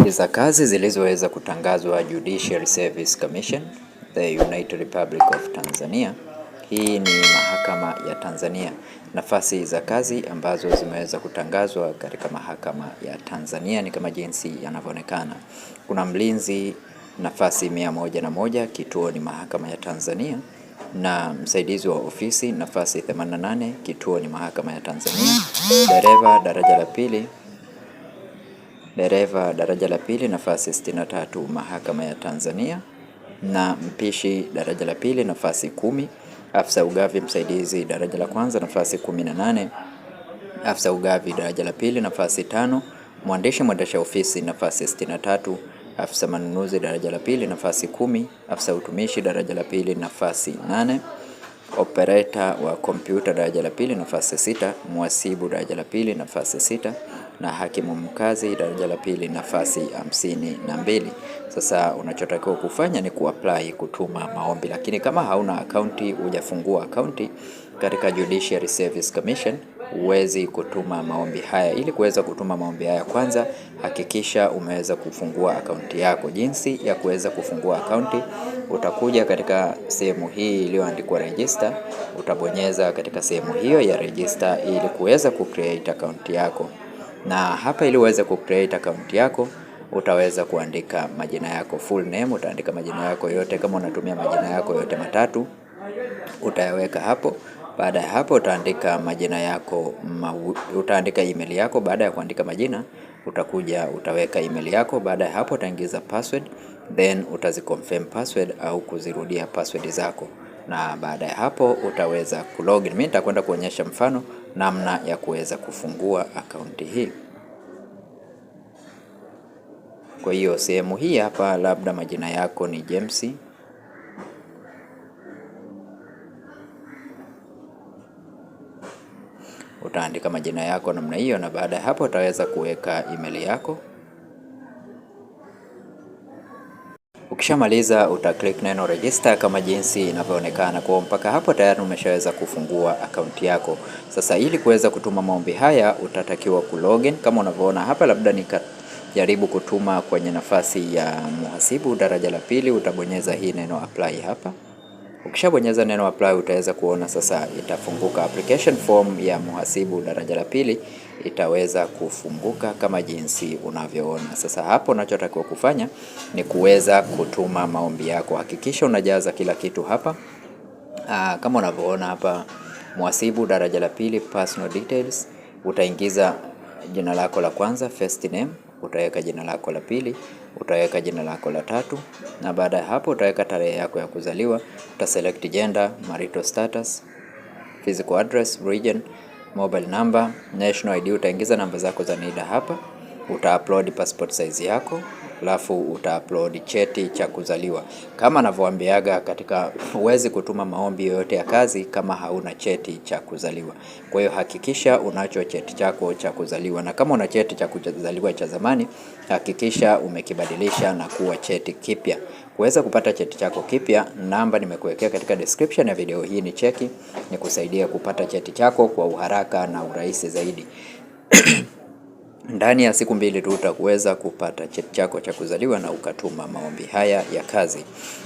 Ahadi za kazi zilizoweza kutangazwa Judicial Service Commission, the United Republic of Tanzania. Hii ni mahakama ya Tanzania. Nafasi za kazi ambazo zimeweza kutangazwa katika mahakama ya Tanzania ni kama jinsi yanavyoonekana. Kuna mlinzi nafasi mia moja na moja kituoni mahakama ya Tanzania na msaidizi wa ofisi nafasi 88 ni mahakama ya Tanzania. Dereva daraja la pili dereva daraja la pili nafasi 63 mahakama ya Tanzania, na mpishi daraja la pili nafasi kumi, afisa ugavi msaidizi daraja la kwanza nafasi 18, afisa ugavi daraja la pili nafasi tano, mwandishi mwendesha ofisi nafasi 63, afisa manunuzi daraja la pili nafasi kumi, afisa utumishi daraja la pili nafasi nane, opereta wa kompyuta daraja la pili nafasi sita, mwasibu daraja la pili nafasi sita na hakimu mkazi daraja la pili nafasi hamsini na mbili. Sasa unachotakiwa kufanya ni kuapply kutuma maombi, lakini kama hauna akaunti, hujafungua akaunti katika Judiciary Service Commission huwezi kutuma maombi haya. Ili kuweza kutuma maombi haya, kwanza hakikisha umeweza kufungua akaunti yako. Jinsi ya kuweza kufungua akaunti, utakuja katika sehemu hii iliyoandikwa register, utabonyeza katika sehemu hiyo ya register ili kuweza kucreate akaunti yako na hapa ili uweze kucreate account yako utaweza kuandika majina yako full name, utaandika majina yako yote, kama unatumia majina yako yote matatu utayaweka hapo. Baada ya hapo utaandika majina yako ma, utaandika email yako. Baada ya kuandika majina utakuja utaweka email yako. Baada ya hapo utaingiza password, then utaziconfirm password au kuzirudia password zako, na baada ya hapo utaweza kulogin. Mimi nitakwenda kuonyesha mfano namna ya kuweza kufungua akaunti hii. Kwa hiyo sehemu hii hapa, labda majina yako ni James utaandika majina yako namna hiyo, na baada ya hapo utaweza kuweka email yako. Ukishamaliza uta click neno register kama jinsi inavyoonekana. Kwa mpaka hapo tayari umeshaweza kufungua akaunti yako. Sasa ili kuweza kutuma maombi haya utatakiwa kulogin kama unavyoona hapa, labda nika jaribu kutuma kwenye nafasi ya mhasibu daraja la pili, utabonyeza hii neno apply hapa. Ukishabonyeza neno apply, utaweza kuona sasa itafunguka application form ya muhasibu daraja la pili itaweza kufunguka kama jinsi unavyoona sasa. Hapo unachotakiwa kufanya ni kuweza kutuma maombi yako. Hakikisha unajaza kila kitu hapa. Aa, ah, kama unavyoona hapa, muhasibu daraja la pili, personal details, utaingiza jina lako la kwanza, first name, utaweka jina lako la pili utaweka jina lako la tatu, na baada ya hapo utaweka tarehe yako ya kuzaliwa. uta select gender, marital status, physical address, region, mobile number, national ID. Utaingiza namba zako za NIDA hapa upload passport size yako, alafu upload cheti cha kuzaliwa. Kama anavyoambiaga katika, huwezi kutuma maombi yoyote ya kazi kama hauna cheti cha kuzaliwa. Kwa hiyo hakikisha unacho cheti chako cha kuzaliwa, na kama una cheti cha kuzaliwa cha zamani, hakikisha umekibadilisha na kuwa cheti kipya. Kuweza kupata cheti chako kipya, namba nimekuwekea katika description ya video hii, ni cheki ni kusaidia kupata cheti chako kwa uharaka na urahisi zaidi. Ndani ya siku mbili tu utaweza kupata cheti chako cha kuzaliwa na ukatuma maombi haya ya kazi,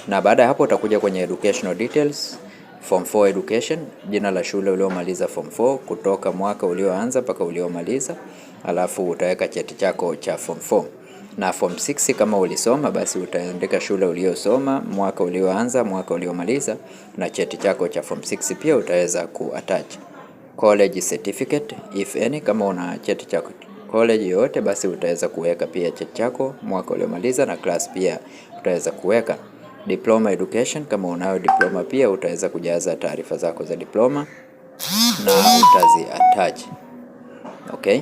na baada ya hapo utakuja kwenye educational details Form 4 education, jina la shule uliomaliza form 4 kutoka mwaka ulioanza mpaka uliomaliza, alafu utaweka cheti chako cha form 4 na form 6 kama ulisoma basi utaandika shule uliosoma, mwaka ulioanza, mwaka uliomaliza na cheti chako cha form 6 pia utaweza kuattach. College certificate if any, kama una cheti chako college yoyote, basi utaweza kuweka pia cheti chako mwaka uliomaliza na class pia utaweza kuweka. Diploma education, kama unayo diploma pia utaweza kujaza taarifa zako za diploma na utazi attach. Okay?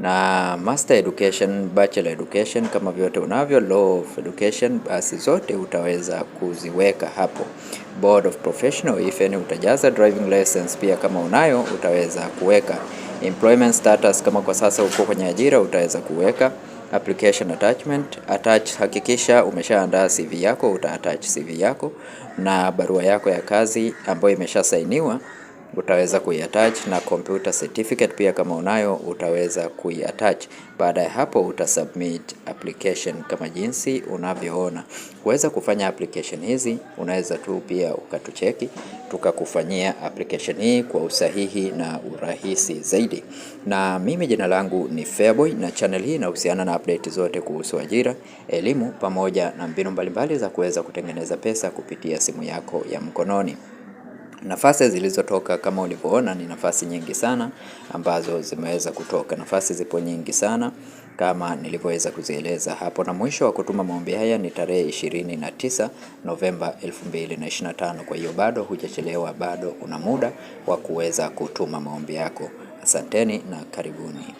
Na master education, bachelor education kama vyote unavyo, law of education, basi zote utaweza kuziweka hapo. Board of professional, if any, utajaza driving license pia kama unayo utaweza kuweka employment status, kama kwa sasa uko kwenye ajira utaweza kuweka application attachment attach. Hakikisha umeshaandaa CV yako, uta attach CV yako na barua yako ya kazi ambayo imeshasainiwa utaweza kuiattach na computer certificate pia kama unayo utaweza kuiattach. Baada ya hapo utasubmit application kama jinsi unavyoona. Kuweza kufanya application hizi, unaweza tu pia ukatucheki tukakufanyia application hii kwa usahihi na urahisi zaidi. Na mimi jina langu ni Feaboy na channel hii inahusiana na update zote kuhusu ajira, elimu pamoja na mbinu mbalimbali za kuweza kutengeneza pesa kupitia simu yako ya mkononi. Nafasi zilizotoka kama ulivyoona ni nafasi nyingi sana ambazo zimeweza kutoka. Nafasi zipo nyingi sana kama nilivyoweza kuzieleza hapo, na mwisho wa kutuma maombi haya ni tarehe ishirini na tisa Novemba 2025. Kwa hiyo bado hujachelewa, bado una muda wa kuweza kutuma maombi yako. Asanteni na karibuni.